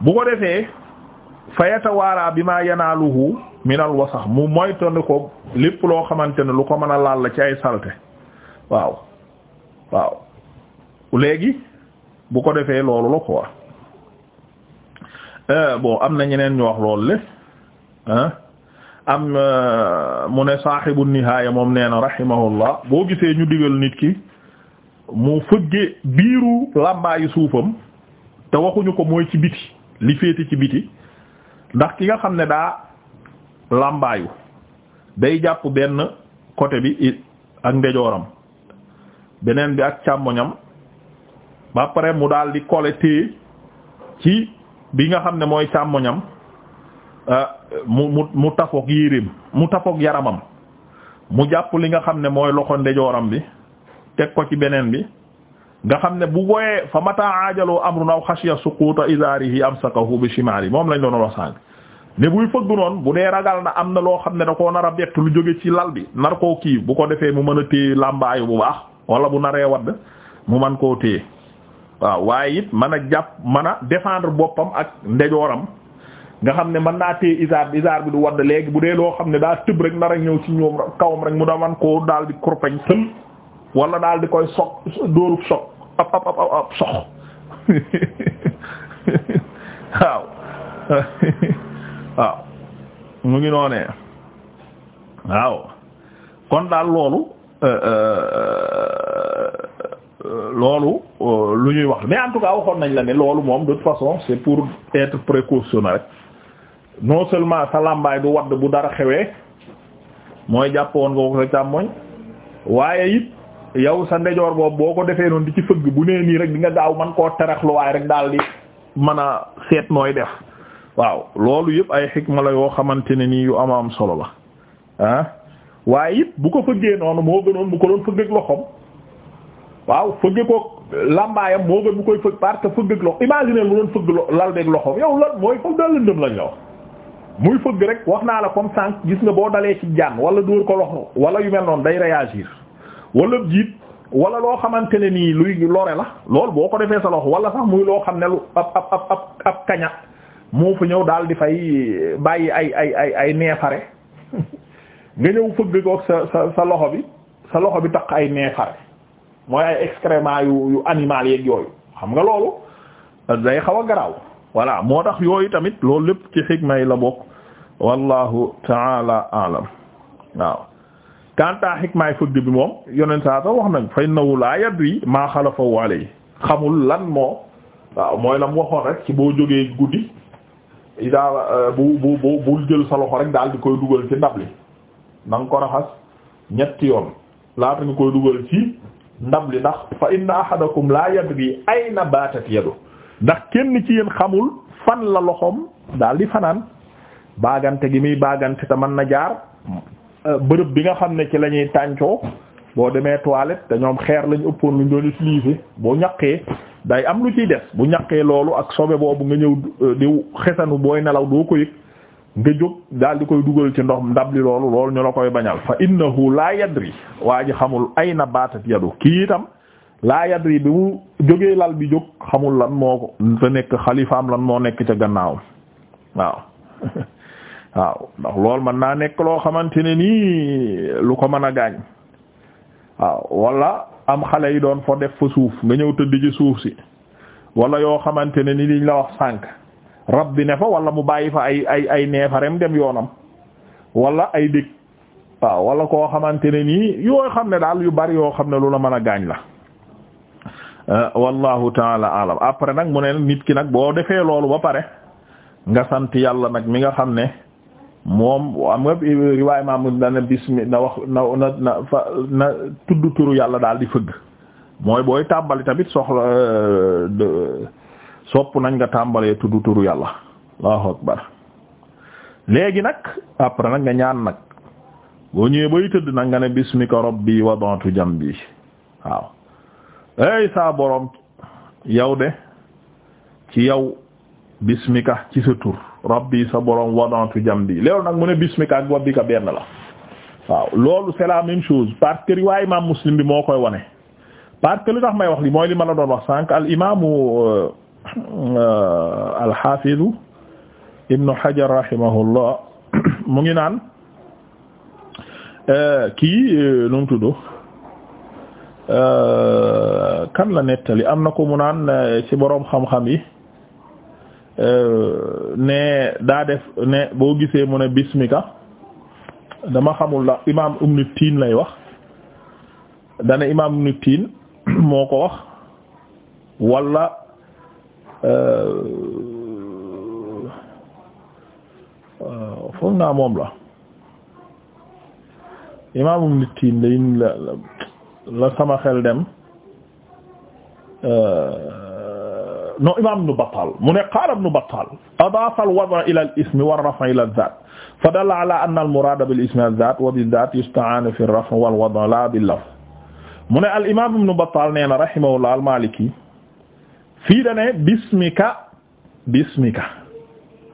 A: bu ko defee fayatawaara bi ma yanaaluhu minal wasax mu moytandi ko lépp loo xamante ne lu ko mën a laal la ci ay salte waaw waaw léegi bu ko defee loolu la quoi euh, bon am na ñeneen ñu wax loolu le ah am euh, mu ne saaxibu nihaaya moom nee na rahimahullah boo gisee ñu digal nit ki mu fëgge biiru làmbaayu suufam te waxuñu ko mooy ci biti li féete ci biti ndax ki nga xam ne daa làmbaayu day jàpp benn côté bi ak ndejooram beneen bi ak càmmoñam ba pare mu daal di collecté ci bi nga xam ne mooy càmmoñam euh, mu mu mu tafoog yéreem mu tafoog yaramam mu jàpp li nga xam ne mooy loxo ndejooram bi teg ko ci beneen bi nga xam ne bu boyee fa mata aajaloo amrun aw xashiya suquta idaarihi amsakahu bi shimaali moom lañ doon wax sànq ne buy fëgg noonu bu dee ragal na am na loo xam ne da koo nar a bett lu jóge ci lal bi nar koo kii bu ko defee mu mën a téye làmbaayu bu baax wala bu naree wadd mu man koo téye waaw waaye it mën a jàpp mën a défendre boppam ak ndejooram nga xam ne man naa téye isaar bi isaar bi du wadd léegi bu dee loo xam ne daa tëb rek nar a ñëw ci rek mu da koo daal di kurpeñ wala daal di koy soq dóorub soq ap sox waaw waaw mu ngi noonee waaw kon daal loolu euh, euh, loolu euh, lu ñuy wax mais en tout waxoon nañ la ne loolu moom de toute façon c'est pour être précautionneux rek non seulement sa làmbaay du wadd bu dara xewee mooy jàpp woon nga ko sa càmmoñ waaye it yow sa ndejoor boobu boo ko defee noonu di ci fëgg bu nee nii rek di nga gaaw man koo teraxluwaay rek daal di mën a seet nooy def waaw loolu yëpp ay xikma la yoo xamante ne nii yu am am solo la ah waaye it bu ko fëggee noonu moo gënoon bu ko doon fëgg ak loxoom waaw fëgg ko lambaayam moo gën bu koy fëgg parce que fëgg ak loxo imagine lu doon fëgg lal beeg loxoom yow lan mooy foofu daal lëndëm lañ la wax muy fëgg rek wax naa la comme sànq gis nga boo dalee ci jaan wala dóor ko wala yu mel noonu day réagir wala jiit wala loo xamante ne nii luy lore la loolu boo ko defee sa loxo wala sax muy loo xam ne lu ab ab ab ab kaña moo fa ñëw daal di fay bàyyi ay ay ay ay neefare nga ñëw fëgg ko sa sa loxo bi sa loxo bi taq ay neefare mooy ay excrément yu yu animal yeeg yooyu xam nga loolu day xaw a garaaw voilà moo tax yooyu tamit loolu lépp ci xikma yi la bokk wallahu taala alam waaw kanta xikmaay fëgg bi moom yonent saa sax wax nañ fa innahu laa yadri yi xalafahu alayhi xamul lan moo waaw mooy la mu waxoon rek ci boo jógee guddi ida bu bu bu jël sa loxo rek daal di koy dugal ci ndab li na nga ko raxas ñetti yoon laata nga koy dugal ci ndab ndax fa inna ahadakum la yadri ayna batat yadu ndax kenn ci yéen xamul fan la loxoom daal di fanaan baagante gi muy baagante te mën na jaar bërëb bi nga xam ne ci lañuy ñuy boo demee toilette te ñoom xeer lañu ëppoon lu ñu doon utiliser boo ñaqee day am lu ciy des bu ñaqee loolu ak sobe boobu nga ñëw euh, di xesanu booy nelaw doo ko nga jóg daal di koy dugal ci ndox ndab li loolu loolu ñu la koy bañal fa innahu laa yadri waa ji xamul ay na baatat yadu kii itam laa yadri bi mu jógee lal bi jóg xamul lan moo ko fa nekk xalifaam lan moo nekk ca gannaawam waaw waaw ndax loolu mën naa nekk loo xamante ne nii lu ko mën a gaañ waaw wala am xale yi doon foo def fa suuf nga ñëw tëdd ci suuf si wala yoo xamante ne ni liñ la wax sànk rab bi ne fa wala mu bàyyi fa ay ay ay neefarem dem yoonam wala ay dëkk waaw wala koo xamante ne nii yoo xam ne daal yu bari yoo xam ne lu la mën a gaañ la euh, wallahu taala alam après nag mu ne nit ki nag boo defee loolu ba pare nga sant yàlla nag mi nga xam ne moom am nga riwaay Imaam dana bismi na wax na na fa na tudd turu yàlla daal di fëgg mooy booy tàmbali tamit soxla euh, sopp nañ nga tàmbalee tudd turu yàlla allahu akbar léegi nag après nag nga ñaan nag boo ñëwee bay tëdd nag nga ne bismika rabbi wada'tu jambi waaw ey saa boroom yow de ci yow bismika ci sa tur rabbi sa borom wadantu jam bi léegi mu ne bismika ak wabbika benn la waaw loolu c'est muslim bi moo koy wane parce que tax may wax li mooy li ma la doon wax sànq al imaamu euh, al xaafidu ibnu hajar rahimahullah mu ngi naan euh, kii euh, nu tudd kan la nettali am na ko mu naan ci boroom xam-xam yi Euh, ne daa def ne boo gisee mu ne bismika dama xamul la imaam Ibnu Tiin lay wax dana imaam Ibnu Tiin moo ko wax wala euh, foog naa moom la imaam Ibnu Tiin la la sama xel dem euh, non imam ibn Battal mu ne qaala ibn Battal adaafa al-wad'a ila al-ismi war-raf'a ila al-dhaat fa dalla ala anna al-muraada bil-ismi al-dhaat wa bi-dhaat yusta'aanu fi ar-raf' wal-wad'i laa bil-lafz mu ne al-imam ibn Battal nee na rahimahullah al-Maliki fii da ne bismika bismika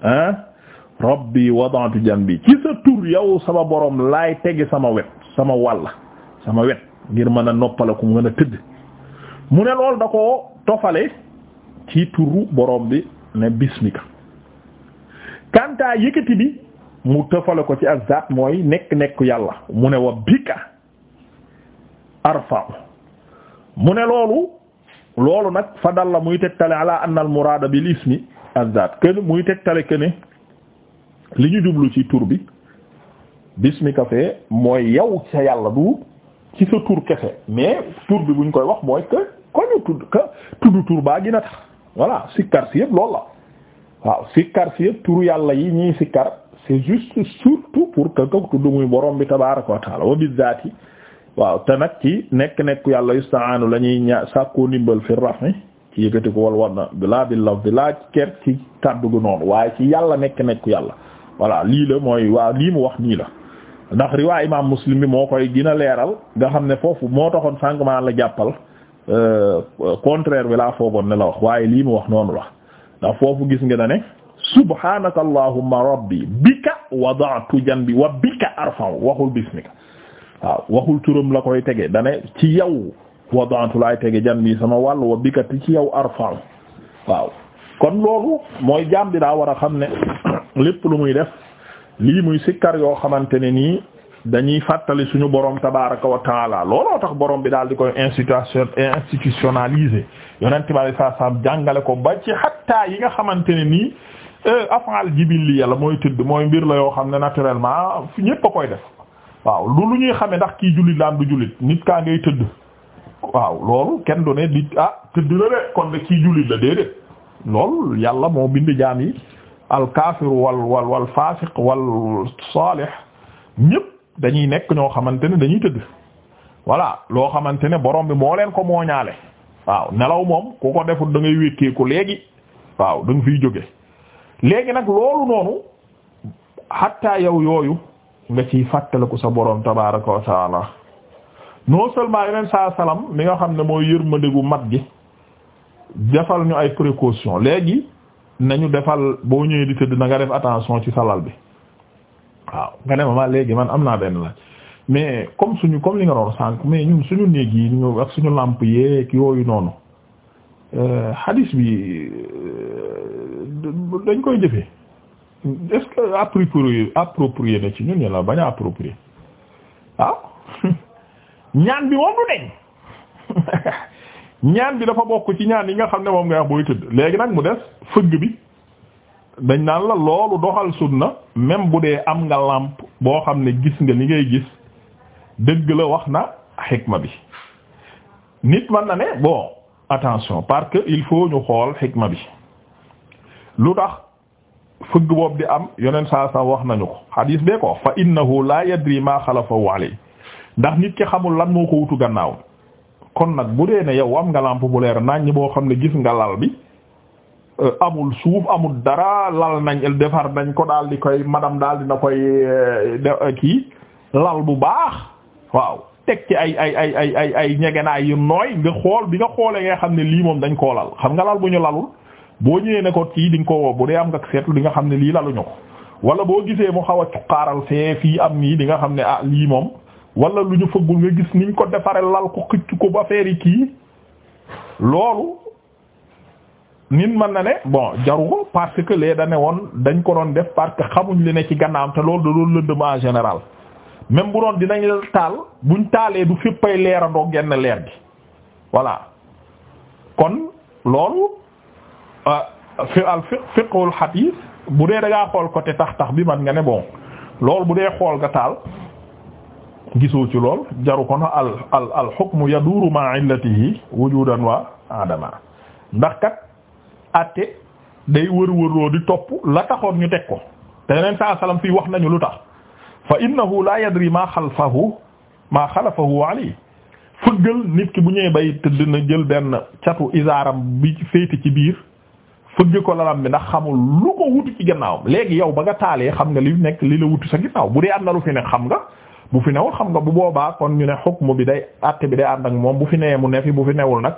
A: ah rabbi wada'tu janbi ci sa tur yow sama borom laay tegi sama wet sama wàll sama wet ngir mën a noppaleku mën a tëdd mu ne loolu da ko tofale ci turu borom bi ne bismika kanta yëkkati bi mu tëfale ko ci azat mooy nekk nekk yàlla mu ne wa bika arfa'u mu ne loolu loolu nag fa dalla muy tegtale ala anna al muraada bil ismi azat ken muy tegtale ke li ñu jublu ci tur bi bismika fee mooy yow sa yàlla du ci sa tur kese mais tur bi buñ koy wax mooy que ko tudd que tudd tur baa gën a tax voilà sikkar si yëpp loolu la waaw sikkar si yëpp turu yàlla yi ñii sikkar c'est juste surtout pour que kooku tudd muy borom bi tabaaraka wa taala wa bizaati waaw te nag ci nekk nekk yàlla yustaanu la ñuy ña sàkkoo ndimbal fi rafi ci yëkkati ko wal war na bilaa bi laf bi laa ker ci kàddu gu noonu waaye ci yàlla nekk nekk yàlla voilà lii la mooy waa lii mu wax nii la ndax riwaay imaam muslim bi moo koy gën a leeral nga xam ne foofu moo taxoon sànq maa la jàppal. Euh, contraire bi laa foogoon ne la wax waaye lii mu wax noonu la ndax foofu gis nga ne subhanaka allahumma rabbi bika wada'tu janbi wa bika arfa'u waxul bismika waaw waxul turam la koy tege dane ci yow wada'tu laay tege bi sama wàllu wa bika ti ci yow arfa'u waaw kon loolu mooy jaam bi daa war a xam ne lépp lu muy def lii muy sikkar yoo xamante ne nii dañuy fàttali suñu borom tabaraka wa taala looloo tax borom bi daal di koy institution institutionnalisé yonent bi alai saa salaam jàngale ko ba ci xattaa yi nga xamante ne nii euh, afal jibil li yàlla mooy tëdd mooy mbir la yoo xam ne naturellement ñépp a koy def waaw lu lu ñuy xamee ndax kii jullit laan du jullit nit kaa ngay tëdd waaw loolu kenn du ne di ah tëdd la de kon de kii jullit la déedéet loolu yàlla moo bind jaam yi al kaafir wal wal wal faasiq wal saalih dañuy nekk ñoo xamante ne dañuy tëdd voilà loo xamante ne borom bi moo leen ko mooñaale waaw nelaw moom ku ko deful dangay ngay wékkeeku léegi waaw da nga fiy jóge léegi nag loolu noonu xatta yow yooyu nga ciy fàttaliku sa borom tabaraka wa taala non seulement yeneen saa salam mi nga xam ne mooy yërmande gu mat gi defal ñu ay précaution léegi nañu defal boo ñëwee di tëdd na nga def attention ci salal bi waaw nga ne ma léegi man am naa benn la mais comme suñu comme li nga doon sànq mais ñun suñu néeg yi ñu ak suñu làmp yeeg yooyu noonu euh, hadis bi euh, dañ koy jëfee est-ce que approprié approprié na ci ñun yàlla bañ a approprié waaw ah? ñaan bi moom du deñ ñaan bi dafa bokk ci ñaan yi nga xam ne moom ngay booy tëdd léegi nag mu des fëgg bi. dañ naan la loolu doxal na même bu dee am nga làmp boo xam ne gis nga li ngay gis dëgg la wax na xikma bi nit man na ne bon attention parce que il faut ñu xool xikma bi lu tax fëgg boobu di am yoneen saa saa wax nañu ko xadiis bee ko fa innahu la yadri ma xalafahu alay ndax nit ki xamul lan moo ko wutu gannaaw kon nag bu dee ne yow am nga làmp bu leer nañ boo xam ne gis nga lal bi Euh, amul suuf amul dara lal nañ defar dañ ko daal di koy madame daal na koy euh, euh, kii lal bu baax waaw teg ci ay ay ay ay ay ay ñegenaay yu nooy nga xool bi nga xoolee nga xam ne lii moom dañ koo lal xam nga lal bu ñu lalul boo ñëwee ne ko kii di nga ko woo bu dee am nga seetlu di nga xam ne lii laluñu ko wala boo gisee mu xaw a cuqaaral fee fii am nii di nga xam ne ah lii moom wala lu ñu fëggul nga gis niñ ko defaree lal ko xëcc ko ba feeri kii loolu nit man na ne bon jaru ko parce que lee da ne woon dañ ko doon def parce que xamuñ li ne ci gannaaw te lool da doon lëndëm en général même bu doon dinañ taal buñ taalee du féppay leerandoo genn leer gi voilà kon lool euh, fi al fiqhul hadith bu dee da ngaa xool côté tax tax bi man nga ne bon lool bu dee xool nga taal gisoo ci lool jaru ko na al al al hukmu yaduuru ma illatihi wujudan wa adama ndax kat àtte day wër-wërloo di topp la taxoon ñu teg ko te yeneen saa salaam fii wax nañu lu tax fa innahu la yadri maa xalfahu maa xalafahu ali fëggal nit ki bu ñëwee bay tëdd na jël benn catu isaaram bi féete ci biir fëgg ko lalam bi ndax xamul lu ko wuti ci gannaawam léegi yow ba nga taalee xam nga li nekk li la wuti sa ginnaaw bu dee am na fi ne xam nga bu fi newul xam nga bu boobaa kon ñu ne xukmu bi day àtte bi day ànd ak moom bu fi newee mu ne fi bu fi newul nag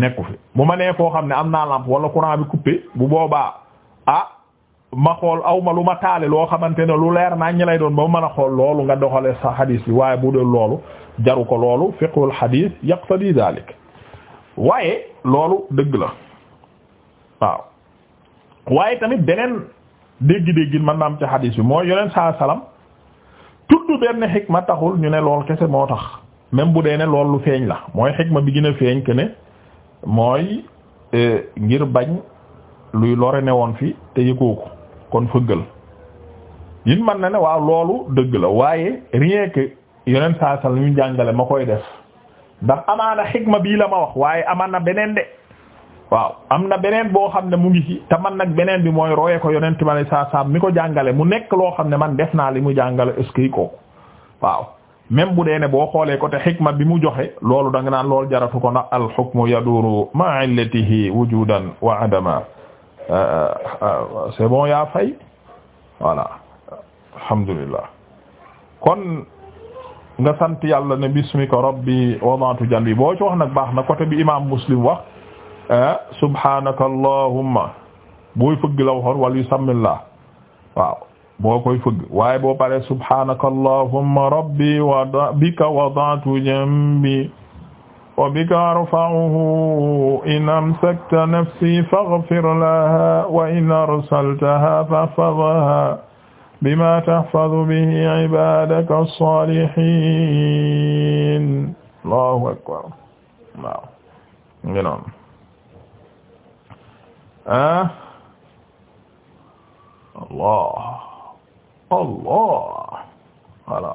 A: nekku fi bu ma nee foo xam ne am naa lampe wala courant bi coupé bu boobaa ah ma xool aw ma lu ma taale loo xamante ne lu leer naa ñi lay doon ba mën a xool loolu nga doxale sa xadis bi waaye bu dee loolu jaru ko loolu fiqhul xadis yaqtadi dalik waaye loolu dëgg la waaw waaye tamit beneen dégg-déggin mën na am ci xadis bi mooy yoneen saa salaam tudd benn xikma taxul ñu ne lool kese moo tax même bu dee ne loolu lu feeñ la mooy xikma bi gën a feeñ que ne. mooy e, ngir bañ luy lore ne woon fi te yëgoo ko kon fëggal yin man na ne waaw loolu dëgg la waaye rien que yeneen saasal ñu jàngale ma koy def ndax amaana ma bii la ma wax waaye amaan na beneen de waaw am na beneen boo xam ne mu ngi ci te man nag beneen bi mooy roye ko yonent ma ne saa saam mi ko jàngale mu nekk loo xam ne man def naa li mu jàngale est-ce waaw même bu dee ne boo xoolee côté xikma bi mu joxe loolu da nga naan loolu jaratu ko ndax al hukmu yaduru ma'a illatihi wujudan wa adama euh, euh, euh, c'est bon yaa fay voilà alhamdulillah kon nga sant yàlla ne bismika rabbi wada'tu janbi boo ci wax nag baax na côté bi imam muslim wax subhanaka allahumma booy fëgg la waxoon wala yusammillah waaw moo koy fëgg waaye boo pare subhanaka allahumma rabbi wa bika wada'tu jambi wa bika arfa'uhu in amsakta nafsi faghfir laha wa in arsaltaha fahfadhha bima tahfadhu bihi ibadaka as-salihin allahu akbar waaw ngi noonu ah allah allah voilà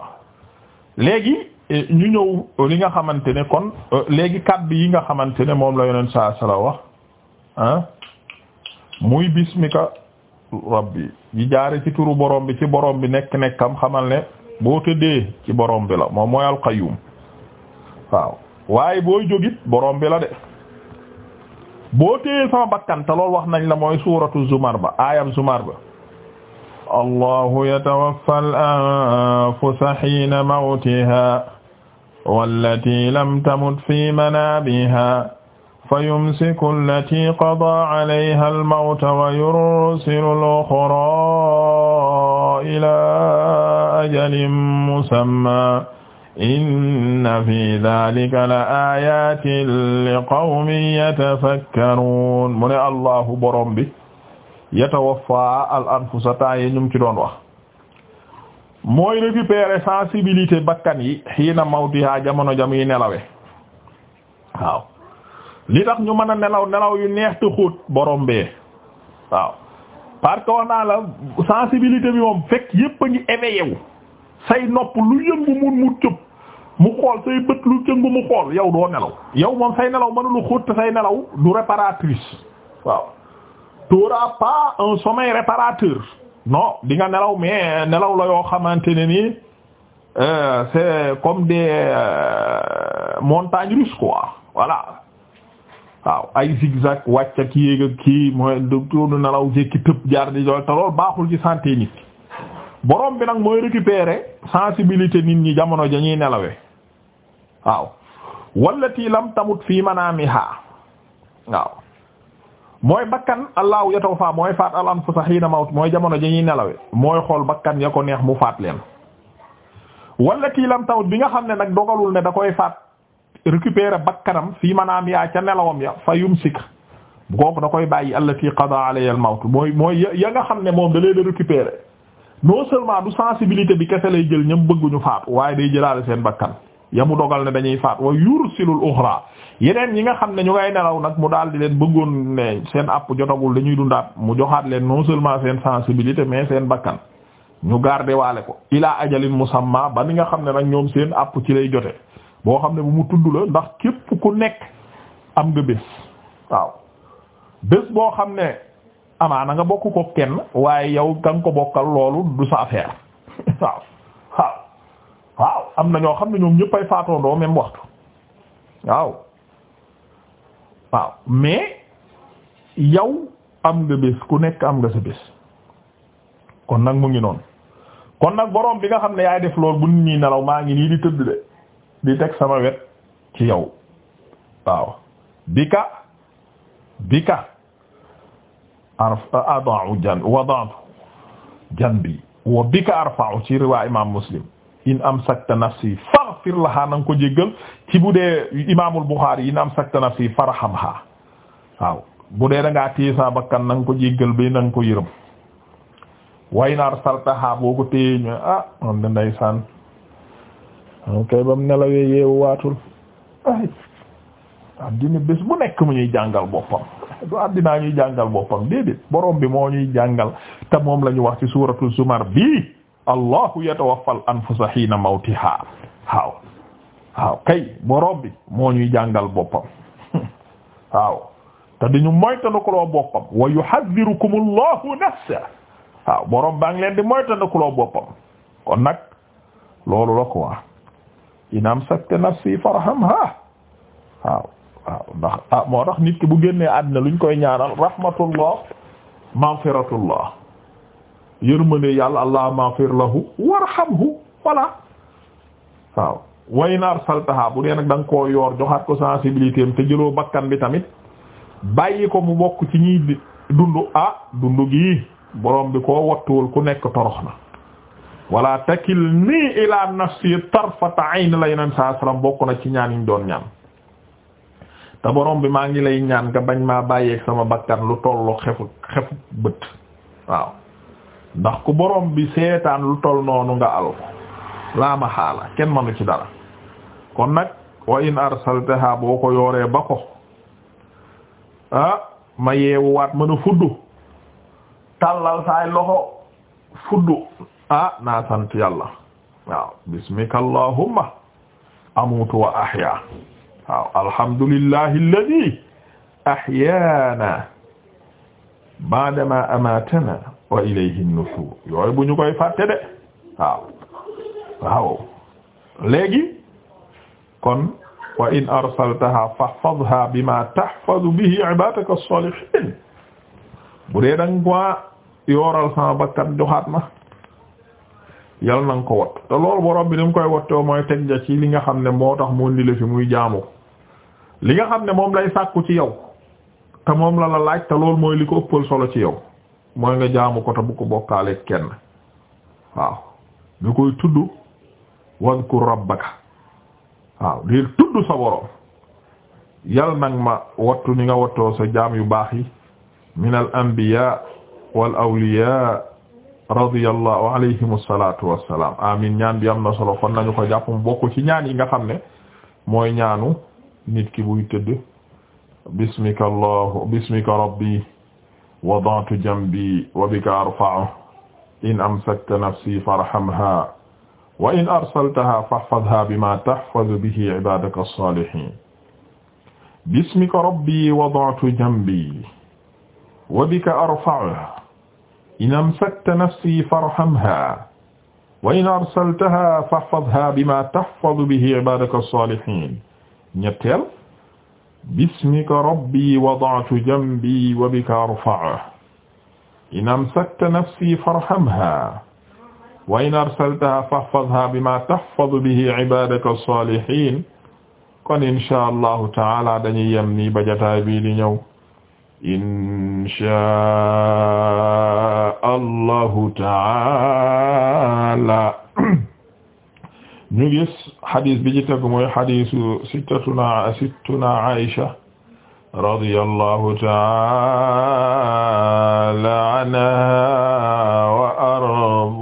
A: léegi ñu ñëw li nga xamante ne kon léegi kaddu yi nga xamante ne moom la yoneen saa la wax muy bismika rabbi yi jaare ci turu borom bi ci borom bi nekk nekkam xamal ne boo tëddee ci borom bi la moom mooy alqayyum waaw waaye booy jógit borom bi la de boo téyee sama bakkan te loolu wax nañ la mooy suuratu zumar ba aayam zumar ba allahu yatawaffa al-anfusa hiina mawtihaa wallatii lam tamut fii manaabihaa fayumsiku allatii qadaa alayhaa al-mawta wa yursilu al-uxraa ilaa ajalin musammaa inna fi daalika la aayaatin liqawmin yatafakkaruun mu ne allahu borom bi yatawaffa al anfusa temps yi ñu ci doon wax mooy récupérer sensibilité bakkan yi xiina mawtiha jamono jam yi nelawe waaw li tax ñu mën a nelaw nelaw yu neex te xóot borom bee waaw parce que wax naa la sensibilité bi moom fekk yépp a ngi éveillé wu say nopp lu yëngu mun mu cëb mu xool say bët lu yëngu mu xool yow doo nelaw yow moom say nelaw mënulu xóot te say nelaw du réparatrice waaw t'auras pas un sommeil réparateur non di nga nelaw mais nelaw la yoo xamante ne nii euh, c'est comme des euh, montagnes russes quoi voilà waaw ay zigzag wàcc ak yéeg ak kii mooy doon nelaw jékki tëb jaar di jooy te baaxul ci santé nit borom bi nag mooy récupérer sensibilité nit ñi jamono jañuy nelawe waaw wallati lam tamut fii manaamiha waaw mooy bakkan allahu yatawfa mooy faat al anfusa hiina mawt mooy jamono ji ñuy nelawe mooy xool bakkan ya ko neex mu faat leen wallati lam tawt bi nga xam ne nag dogalul ne da koy faat récupérer bakkanam fii manaam yaa ca nelawam ya fa yumsik kooku da koy bàyyi allati qada alayha al mawt mooy mooy ya nga xam ne moom da leen a récupérer non seulement du sensibilité bi kese lay jël ñam bëgguñu faatu waaye day jëlaale seen bakkan ya mu dogal ne dañuy faat wa yursilul uxra yeneen ñi nga xam ne ñu ngay nelaw nag mu daal di leen bëggoon ne seen app jotagul dañuy dundaat mu joxaat leen non seulement seen sensibilité mais seen bakkan ñu garder waale ko ilaa ajalin musamma ba ni nga xam ne nag ñoom seen app ci lay jote boo xam ne bu mu tudd la ndax képp ku nekk am nga bés waaw bés boo xam ne amaana nga bokk ko kenn waaye yow ka ko bokkal loolu du sa affaire waaw am na ñoo xam ne ñoom ñëppay faatoondoo même waxtu waaw waaw mais yow am nga bés ku nekk am nga sa bés kon nag mu ngi noon kon nag boroom bi nga xam ne yaay def lool bu nit ñi nelaw maa ngi nii di tëdd de di teg sama wet ci yow waaw bika bika arf adau jan wadatu jan bi wa bika arfa'u ci riwaa imam muslim in amsakta nafsi faghfir laha na nga ko jéggal ci bu dee imaamul Bukhari in amsakta nafsi farhamha waaw bu dee da ngaa téye sa bakkan ko jéggal ba na nga ko yërëm way in arsaltaha boo ko téye ñu ah moom da ay kay bam nelawee yeewu waatul ay addina bés bu nekk mu ñuy jàngal boppam du addinaa ñuy jàngal boppam déedéet borom bi moo ñuy jàngal te moom la ñu wax ci suuratu zumar bii allahu yatawaffal anfusa hiina mawtihaa waaw waaw kay borom bi moo ñuy jàngal boppam waaw te dañu moytandikuloo boppam wa yuhadhirukum allahu waaw borom baa ngi leen di moytandikuloo boppam kon nag loolu la quoi in amsakta nafsi farhamha waaw waaw ndax ah moo tax nit ki bu génnee àddina luñ koy ñaanal rahmatullah maghfiratullah yërmande yàlla allahumma ighfir lahu warhamhu voilà waaw way naar bu dee nag da nga koo yoor joxaat ko sensibilité am te jëloo bakkan bi tamit bàyyi ko mu bokk ci ñiy dund ah dund gi boroom bi ko wattuwul ku nekk torox na wala takilni ila nafsi tarfata ayn la yeneen saa salaam bokk na ci ñaan yi doon ñaan te borom bi maa ngi lay ñaan nga bañ maa bàyyeeg sama bakkan lu tollu xefu xefu bët waaw ndax ku borom bi seetaan lu tol noonu nga al ko laa maxaala kenn manu ci dara kon nag wa in arsaltaha boo ko yooree ba ko ma yeewu waat mën a fuddu tàllal saay loxo fuddu ah naa sant yàlla waaw bismika allahumma amutu wa ahya waaw alhamdulillahi alladhi ahyana ba'dama amatana wa ilayhi bu ñu koy fàtte de waaw waaw léegi kon wa in arsaltaha fahfazha bima tahfazu bihi ibadaka as-salihin bu dee dang quoi yooral sama bakkan joxaat ma yal na ko wat te loolu borom bi ni mu koy mooy teg ci li nga xam ne moo tax moo ndi la muy jaamu li nga xam ne moom lay sàkku ci yow te moom la la laaj mooy li ko ëppal solo ci yow mooy nga jaamu ko bu ko bokkaale kenn waaw nga koy tudd wadkur rabbaka waaw di tudd sa boroom yal nag ma wattu ni nga wattoo sa jaam yu baax yi min al anbiya wal awliya radiyallahu alayhim assalatu wassalam amin ñaan bi am na solo kon nañu ko jàpp mu bokk ci ñaan yi nga xam ne mooy ñaanu nit ki buy tëdd bismika allahu bismika rabbi wada'tu janbi wa bika arfa'u in amsakta nafsi farhamha wa in arsaltaha fahfadha bima tahfazu bihi ibadaka as-salihin bismika rabbi wada'tu janbi wa bika arfa'u in amsakta nafsi farhamha wa in arsaltaha fahfadha bima tahfazu bihi ibadaka as-salihin ñetteel bismika rabbi wada'tu janbi wa bika arfa'u in amsakta nafsi farhamha wa in arsaltaha fahfazha bima tahfazu bihi ibadaka as-salihin kon insha allahu taala dañuy yem nii ba jotaay bii di ñëw insha allahu taala ñu gis xadis bi ci tegu mooy xadisu sittatuna sittuna Aisha radiyallahu ta'ala anha wa ardaaha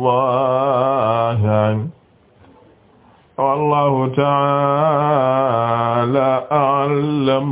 A: wallahu ta'ala a'lam